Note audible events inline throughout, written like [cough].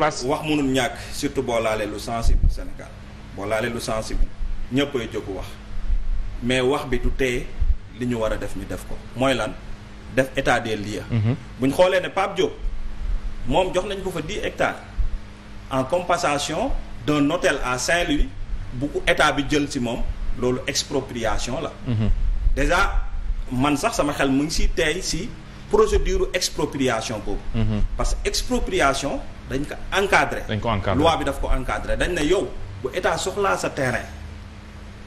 place wax mënul ñàkk surtout boo laalee lu sensible Sénégal boo laalee lu sensible ñëpp ay jóg wax mais wax bi du teye li ñu war a def ñu def ko mooy lan def état des lieux. Mhm. bu xoolee ne Pape Diop moom jox nañ ko fa 10 hectares en compensation d'un hôtel à Saint-Louis bu état bi jël ci moom loolu expropriation la. Mhm. déjà man sax sama xel mu ngi si tey ci procédure expropriation boobu. Mhm. parce expropriation. dañ ko encadré. dañ ko encadré loi bi daf ko encadré dañ na yow bu état soxlaa sa terrain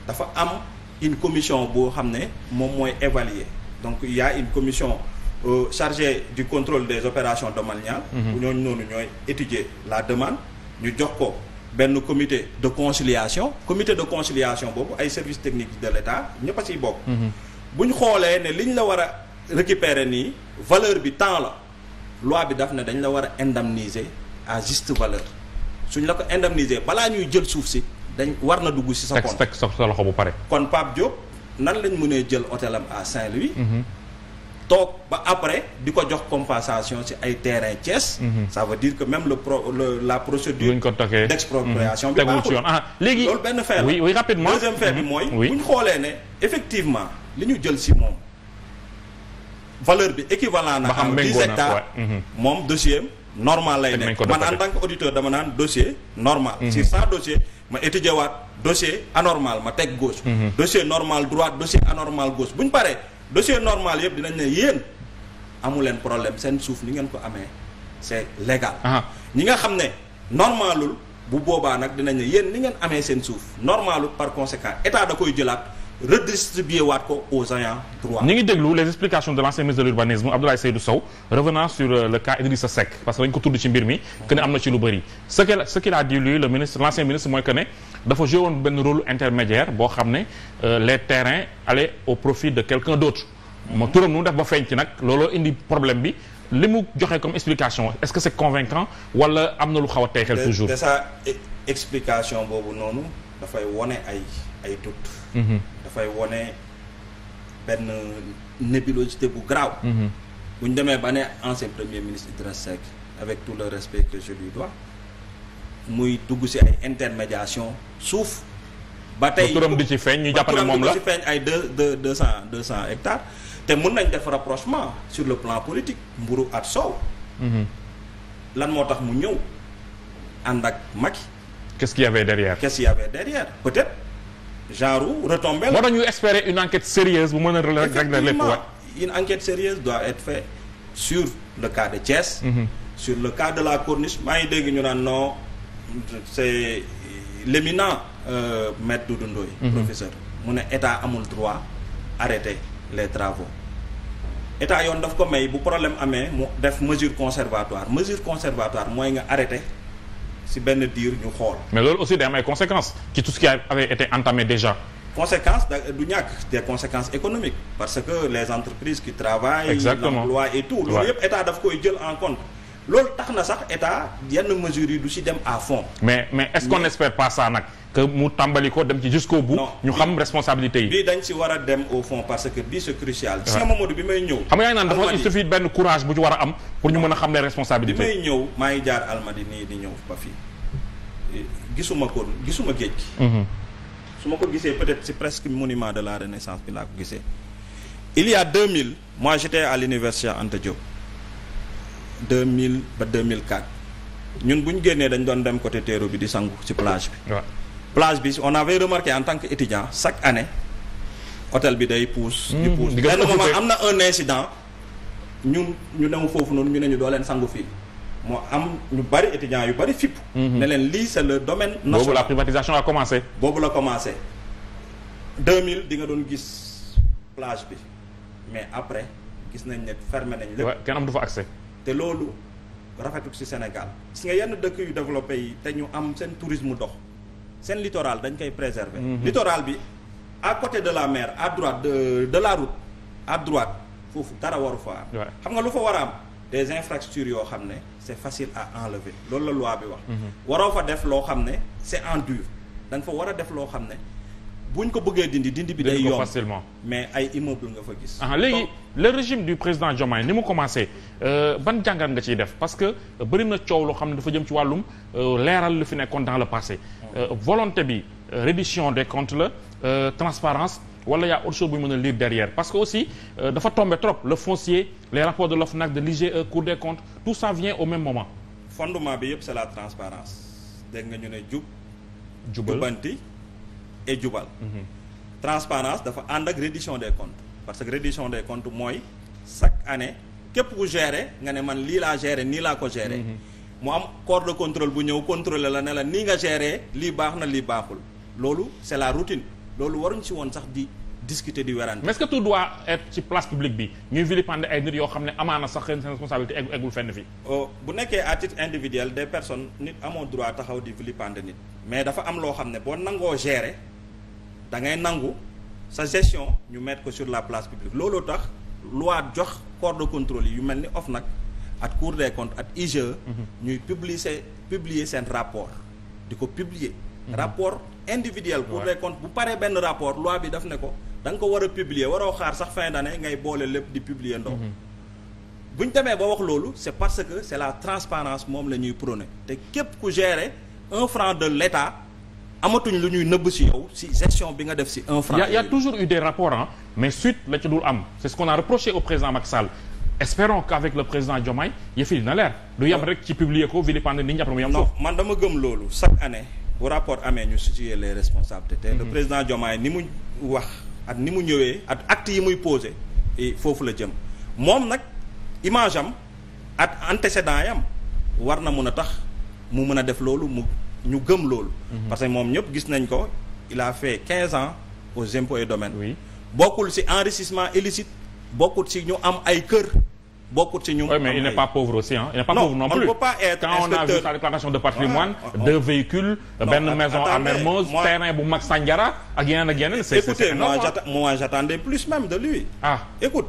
dafa am une commission boo xam ne moom mooy évaluer donc il y une commission euh, chargée du contrôle des opérations domaniales. bu mhm. ñooñu noonu ñooy étudier la demande ñu jox ko. benn comité de conciliation comité de conciliation boobu ay services techniques de l'État ñëpp a siy bokk. Mhm. bu ñu xoolee ne li la war a récupérer nii valeur bi temps la loi bi daf ne dañ la war a indemniser à juste valeur suñ la ko indemniser balaa ñuy jël suuf si dañ war na dugg si sa compte teg sa loxo bu pare. kon Pape Diop nan lañ mënee jël hôtel am à Saint-Louis. Mhm. toog ba après di ko jox compensation ci ay terrain Thiès. Mhm. ça veut dire que même le pro le, la procédure. d'expropriation bi mhm. baaxul ci yoon ah léegi. loolu benn fait oui oui rapidement deuxième fait bi mooy. bu ñu xoolee ne effectivement li ñu jël si moom valeur bi équivalent na. ba xam 10 hectares moom dossier normal lay nekk man en tant que auditeur dama naan dossier normal mhm. sur cent dossier ma étudier waat dossier anormal ma teg gauche mhm. dossier normal droite dossier anormal gos bu ñu paree dossier normal yëpp dinañ ne yéen amu leen problème seen suuf ni ngeen ko amee c'est légal ñi nga xam ne normalul bu boobaa nag dinañ ne yéen ni ngeen amee seen suuf normalul par conséquent état da koy jëlaat redistribuer waat ko aux ayants droit. ngi déglu les explications de l'ancien ministre de l'urbanisme Abdoulaye Seydou Sow revenant sur euh, le cas Idrissa Seck parce que dañ ko tudd ci mbir mi que ne am na ci lu bëri ce que ce qu'il a dit le ministre l'ancien ministre mooy que ne dafa joué woon benn rôle intermédiaire boo xam ne euh, les terrains allaient au profit de quelqu'un d'autre ma turam nu def ba feeñ ci nag looloo indi problème bi li mu joxe comme explication est-ce que c'est convaincant wala am na lu xaw a tey xel toujours de e-, explication boobu noonu dafay wone ay ay doute mhm. dafay wone benn nébulosité bu graaw mhm. bu ñu demee ba ne ancien premier ministre Idrissa Seck avec tout le respect que je muy dugg ci ay intermédiation suuf ba tey turam di ci feeñ ñu jàpp ne moom la ci feeñ ay deux deux deux cent deux cent hectares te mun nañ def rapprochement sur le plan politique mburu at soow mhm. lan moo tax mu ñëw ànd ak Macky qu'est-ce qu'il y avait derrière. qu'est-ce qu'il y avait derrière peut-être moo tax ñu espérer une enquête sérieuse bu mën a. régler lépp une enquête sérieuse doit sur le cas de Thiès. Mhm. sur le cas de la Corniche maa ngi dégg ñu naan non c'est l'éminent euh, maître Doudou mhm. professeur mu ne état amul droit arrêter les travaux état yoon daf ko may bu problème amee mu def mesure conservatoire mesure conservatoire mooy nga arrêter. ci benn diir ñu xool. mais loolu aussi day am ay conséquences ci tout ce qui avait été entamé déjà. conséquences du ñàkk des conséquences économiques parce que les entreprises qui travaillent. exactement l'emploi et tout. loolu yëpp état daf koy jël en compte. loolu tax na sax état yenn mesures yi du si dem à fond. mais mais est-ce qu'on espère pas ça nag. que mu tàmbali ko dem ci jusqu'au bout. ñu xam responsabilité yi. bii dañ ci war a dem au fond parce que bii c'est crucial. waaw gis nga Mamadou bi may ñëw. xam nga yaa ngi naan dafa il suffit benn courage bu ñu war a am pour ñu mën a xam les responsabilités. bi may ñëw maa ngi jaar Almadi nii di ñëw ba fii gisuma ko gisuma géej gi. Mhm. su ma ko gisee peut-être c'est presque monument de la renaissance bi laa ko gisee. il y a 2000 moi j'étais à l'université Anta Diop 2000 ba 2004 ñun bu ñ génnee dañ doon dem côté terrou di sangu ci plage bi. plage bi on avait remarqué en tant que étudiant chaque année hôtel bi day pousse. di hmm. pousse benn moment am na un incident ñun ñu dem foofu noonu ñu ne ñu doo leen sangu fii moo am ñu bari étudiants yu bari fipp hmm. ne leen lii c'est le domaine national boobu la privatisation a commencé. boobu la commencé di nga doon gis plage bi mais après gis nañ ne fermé nañ lépp. kenn am du fa accès. te loolu rafetul ci Sénégal gis nga yenn dëkk yu développé yi te ñu am seen tourisme dox. seen littoral dañ koy préserver. Mhm. littoral bi à côté de la mer à droite de de la route à droite foofu dara waru fa am. xam nga lu fa war a am des infrastructures yoo xam ne c'est facile à enlever loolu la loi bi wax. Mhm. waroo fa def loo xam ne c'est en dur danga fa war a def loo xam ne. bu ñu ko bëggee dindi dindi bi day yomb facilement mais ay immeuble nga fa gis. ah léegi le régime du président Diomaye ni mu commencé euh, ban jàngat nga ciy def parce que euh, bëri na coow loo xam ne dafa jëm ci wàllum euh, leeral lu fi nekkoon dans le passé Euh, volonté bi euh, reddition des comptes la euh, transparence wala y'a autre chose mën a lire derrière parce que aussi dafa tombé trop le foncier les rapports de l'OFNAC de l'IGE Cour des comptes tout ça vient au même moment fondement bi yëpp c'est la transparence dégg nga ñu ne jub jubanti et jubal mhm. transparence dafa ànd ak reddition des comptes parce que reddition des comptes mooy chaque année képp ku gérer nga ne man lii laa gérer nii laa ko gérer mhm. mu am corps de contrôle bu ñëw contrôler la ne la nii nga gérer lii baax na lii baaxul loolu c'est la routine loolu waruñ si woon sax di discuter di werante mais est-ce que tout doit être ci place publique bi ñuy vilipender ay nit yoo xam ne amaana sax seen responsabilité egg eggul fenn fi euh, bu nekkee à titre individuel des personnes nit amoo droit taxaw di vilipender nit mais dafa am loo xam ne boo nangoo gérer da ngay nangu sa gestion ñu mettre ko sur la place publique looloo tax loi jox corps de contrôle yi yu mel ni OFNAC ak cour des comptes ak IGE. Mhm. ñuy publier publier seen rapport di ko publier. Mhm. rapport individuel. cour des comptes bu paree benn rapport loi bi daf ne ko da ko war a publier waroo xaar sax fin d'année ngay boole lépp di publier ndox. Mhm. bu ñu demee ba wax loolu c'est parce que c'est la transparence moom la ñuy prôné te képp ku gérer un franc de l'État amatuñ lu ñuy nëbb ci yow ci gestion bi nga def ci un franc. il y a toujours eu des rapports ah mais suite am c'est ce qu'on a reproché au espérons qu'avec le président Diomaye yëf yi dina leer du yem rek ci publier ko vilipender nit ñi après mu yem non man dama gëm loolu chaque année bu rapport amee ñu situer les responsabilités te le mhm. président Diomaye ni mu wax ak ni mu ñëwee ak acte yi muy posé eh, foofu la jëm moom nag image am ak antécédent yam war na mun a tax mu mën a def loolu mu ñu gëm loolu mhm. parce que moom ñëpp gis nañ ko il a fait quinze ans aux impôts et domaines bokkul ci enrichissement illicite bokkul ci ñu am ay kër bokkut ci ñum oui mais il n'est pas pauvre aussi hein il n'est pas non, pauvre non on plus. peut pas inspecteur. a vu sa déclaration de patrimoine ah, ah, ah. deux véhicules benn maison à Mermoz terrain bu mag Sandiara ak yeneen ak yeneen c'est écoutez moi moi j'attendais plus même de lui ah écoute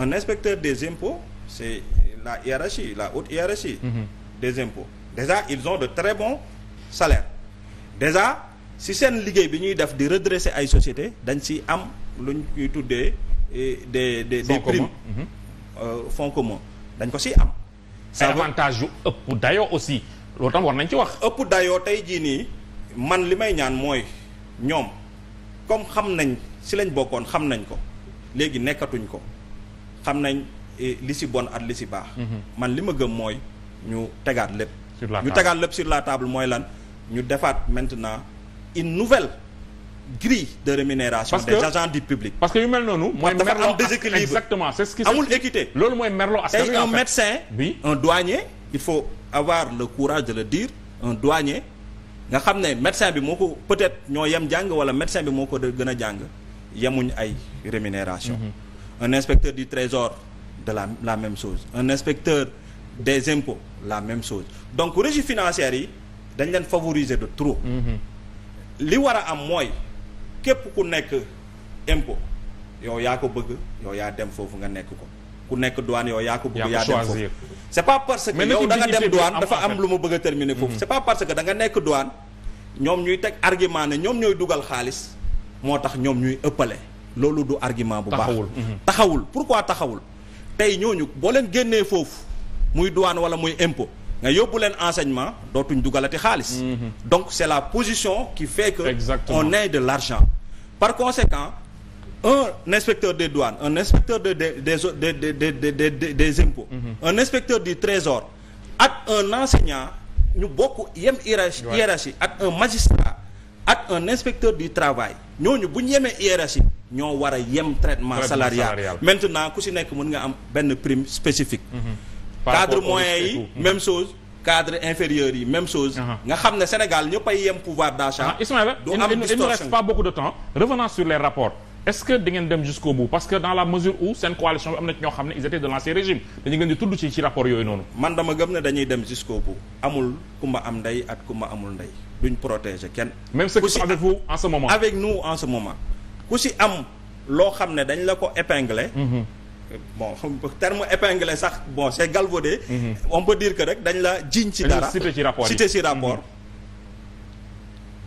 un inspecteur des impôts c'est la hiérarchie la haute hiérarchie mhm. des impôts déjà ils ont de très bons salaires déjà si seen liggéey bi ñuy def di redresser ay sociétés dañ si am lu ñu tuddee eh, des des des primes mhm. Euh, fonk commun dañ ko siy am. ça avantage yu ëpp dayoo aussi loo tax war nañ ci wax. ëpp dayoo tey jii nii man li may ñaan mooy ñoom comme xam nañ si lañ bokkoon xam nañ ko léegi nekkatuñ ko xam nañ eh, li si bon at li si baax. Mhm. man li ma gëm mooy ñu tegaat lépp. ñu tegaat lépp sur la table mooy lan ñu defaat maintenant une nouvelle. grille de rémunération parce des que, agents du public. parce que yu mel noonu. mooy merloo am déséquilibre exactement c'est ce qui amul équité. loolu mooy merloo askan wi tey un médecin. bi un douanier il faut avoir le courage de le dire un douanier nga xam ne médecin bi moo ko peut-être ñoo yem jàng wala médecin bi moo ko gën a jàng yemuñ ay rémunération mhm. un inspecteur du trésor de la la même chose un inspecteur des impôts la même chose donc régie financière yi dañ leen favoriser de trop. Mhm. li war a am mooy. képp ku nekk impôt yow yaa ko bëgg yow yaa dem foofu nga nekk ko ku nekk douane yow yaa ko bëgg yaa dem foofu c'est pas parce que yow da nga dem douane dafa am lu ma bëgg a foofu mm-hmm. c'est pas parce que da nekk douane ñoom ñuy teg argument ne ñoom ñooy dugal xaalis moo tax ñoom ñuy ëppale loolu du argument bu baax taxawul mm-hmm. pourquoi taxawul tey ñooñu boo leen génnee foofu muy douane wala muy impôt nga yóbbu leen enseignement dootuñ dugalati xaalis. Mhm. donc c'est la position qui fait que. Exactement. on ait de l'argent par conséquent un inspecteur des douanes un inspecteur de des des des des des des impôts. Mhm. un inspecteur du trésor ak un enseignant ñu bokk yem hiérarchie. hiérarchie ak un magistrat ak un inspecteur du travail ñooñu bu ñu yemee hiérarchie ñoo war a yem. traitement salarial maintenant ku si nekk mun nga am benn prime spécifique. Mhm. cadre moyen yi même chose cadre inférieur yi même chose uh-huh. nga xam ne Sénégal ñëpp ay yem pouvoir d'achat uh-huh. Ismaïla du am distorsion il ne reste pas beaucoup de temps revenant sur les rapports est-ce que di ngeen dem jusqu'au bout parce que dans la mesure où seen coalition bi am na ñoo xam ne dañuy dem jusqu'au bout amul kumba am ndey ak kumba amul ndey duñ protéger kenn même ceux qui sont avec vous en ce moment avec nous en ce moment ku si am loo xam ne dañ la ko épingler mm-hmm. bon xam [laughs] terme épinglé sax bon c'est galvaudé. Mhm. on peut dire que rek dañ la jiñ ci dara cité ci rapport cité ci mhm.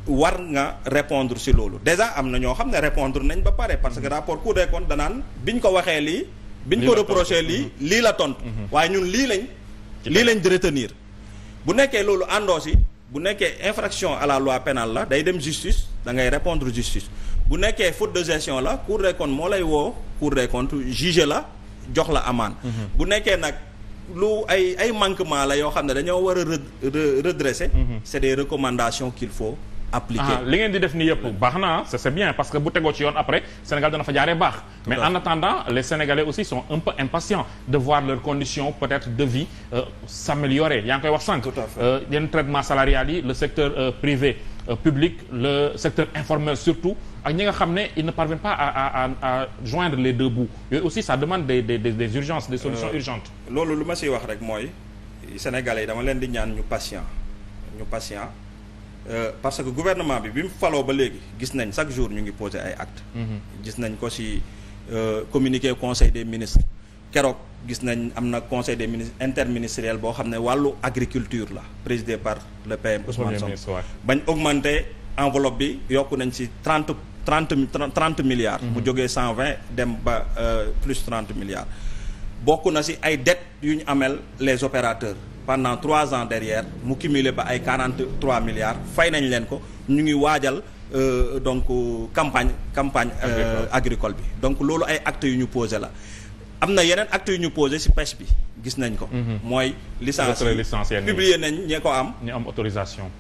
war nga répondre ci loolu déjà am na ñoo xam ne répondre nañ ba pare parce que mhm. rapport Cour des comptes danaan biñ ko waxee lii. bi biñ ko reproché lii lii la tontu. waaye ñun lii lañ. lii lañ di retenir. bu nekkee loolu àndoo bu nekkee infraction à la loi pénale la day dem justice da ngay répondre justice. bu nekkee faute de gestion la cour des comptes moo lay woo cour des comptes juge la jox la amende mhm. bu nekkee nag lu ay ay manquement la yoo xam ne dañoo war a redresser mhm. c'est des recommandations qu'il faut appliquer ah, li ngeen di def ni yëpp baax na c'est bien parce que bu tegoo ci yoon après Sénégal dana fa jaaree baax mais en attendant les Sénégalais aussi sont un peu impatients de voir leurs conditions peut-être de vie euh, s'améliorer yaa ngi koy wax sànq euh, yenn traitement yi le secteur euh, privé Euh, public le secteur informel surtout ak ñi nga xam ne ils ne parviennent pas à joindre les deux bouts yooyu aussi ça demande de des des urgences des solutions euh, urgentes. loolu lu ma siy wax rek mooy sénégalais yi dama leen di ñaan ñu patient ñu patient euh, parce que gouvernement bi bi mu faloo ba léegi gis nañ chaque jour ñu ngi poser ay actes. Mhm. gis nañ ko si communiqué conseil des ministres. keroog gis nañ am na conseil des ministres interministériel boo xam ne wàllu agriculture la présider par le PM Ousmane Sonko bañ augmenté enveloppe bi yokku nañ ci trente trente trente milliards mu mhm. jógee cent vingt dem ba euh, plus trente milliards bokk na si ay dettes yu ñu ameel les opérateurs pendant trois ans derrière mu cumulé ba ay quarante trois milliards fay nañ leen ko ñu ngi waajal euh, donc campagne campagne euh, agricole bi donc loolu ay actes yu ñu posé la am na yeneen actes yu ñu posé ci pêche bi gis nañ ko. Mhm. mooy licence yi publier nañ ñi ko am. ñu am autorisation.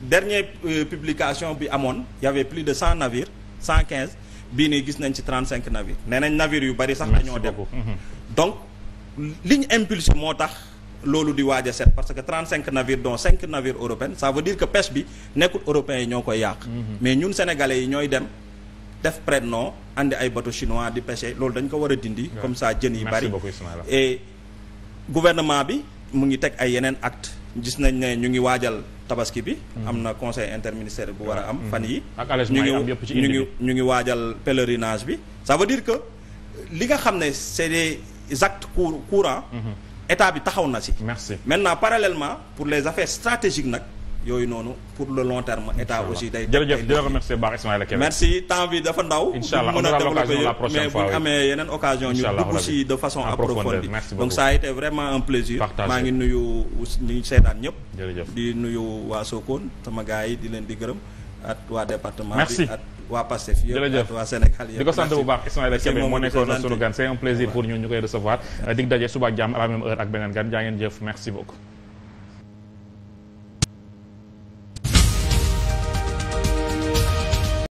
dernière euh, publication bi amoon y avait plus de cent navires cent quinze bii nii gis nañ ci trente cinq navires nee nañ navires yu bari sax dañoo dem mhm. donc li ñu impulsé moo tax loolu di waaj a set parce que trente cinq navires dont cinq navires européens ça veut dire que pêche bi nekkul européens yi ñoo koy yàq mhm. mais ñun sénégalais yi ñooy dem def prête-nom àndi ay bateau chinois di pêcher loolu dañ ko war a dindi comme ça jën yi bari et gouvernement bi mu ngi teg ay yeneen acte gis nañ ne ñu ngi waajal tabaski bi hmm. am na conseil interministériel bu war a am hmm. fan yi ñu ngi ñu ngi ñu ngi waajal pèlerinage bi ça veut dire que li nga xam ne c'est des courant courants hmm. état bi taxaw na si maintenant parallèlement pour les affaires stratégiques nag yooyu noonu pour le long terme état aussi day. jërëjëf di la remercier baax Ismaïla Kébé merci temps bi dafa ndaw. incha allah mën a développer yëpp mais bu ñu amee yeneen occasion ñu dugg si de façon approfondie a été maa ngi nuyu ñu seetaan ñëpp. di nuyu waa Sokone sama gars yi di leen di gërëm at waa département bi at waa Pastef yëpp waa Sénégal yëpp di ko sant bu baax sunu gan c'est un plaisir pour ñun ñu koy recevoir dig daje suba ak jàmm heure ak beneen gan jaa ngeen jëf merci beaucoup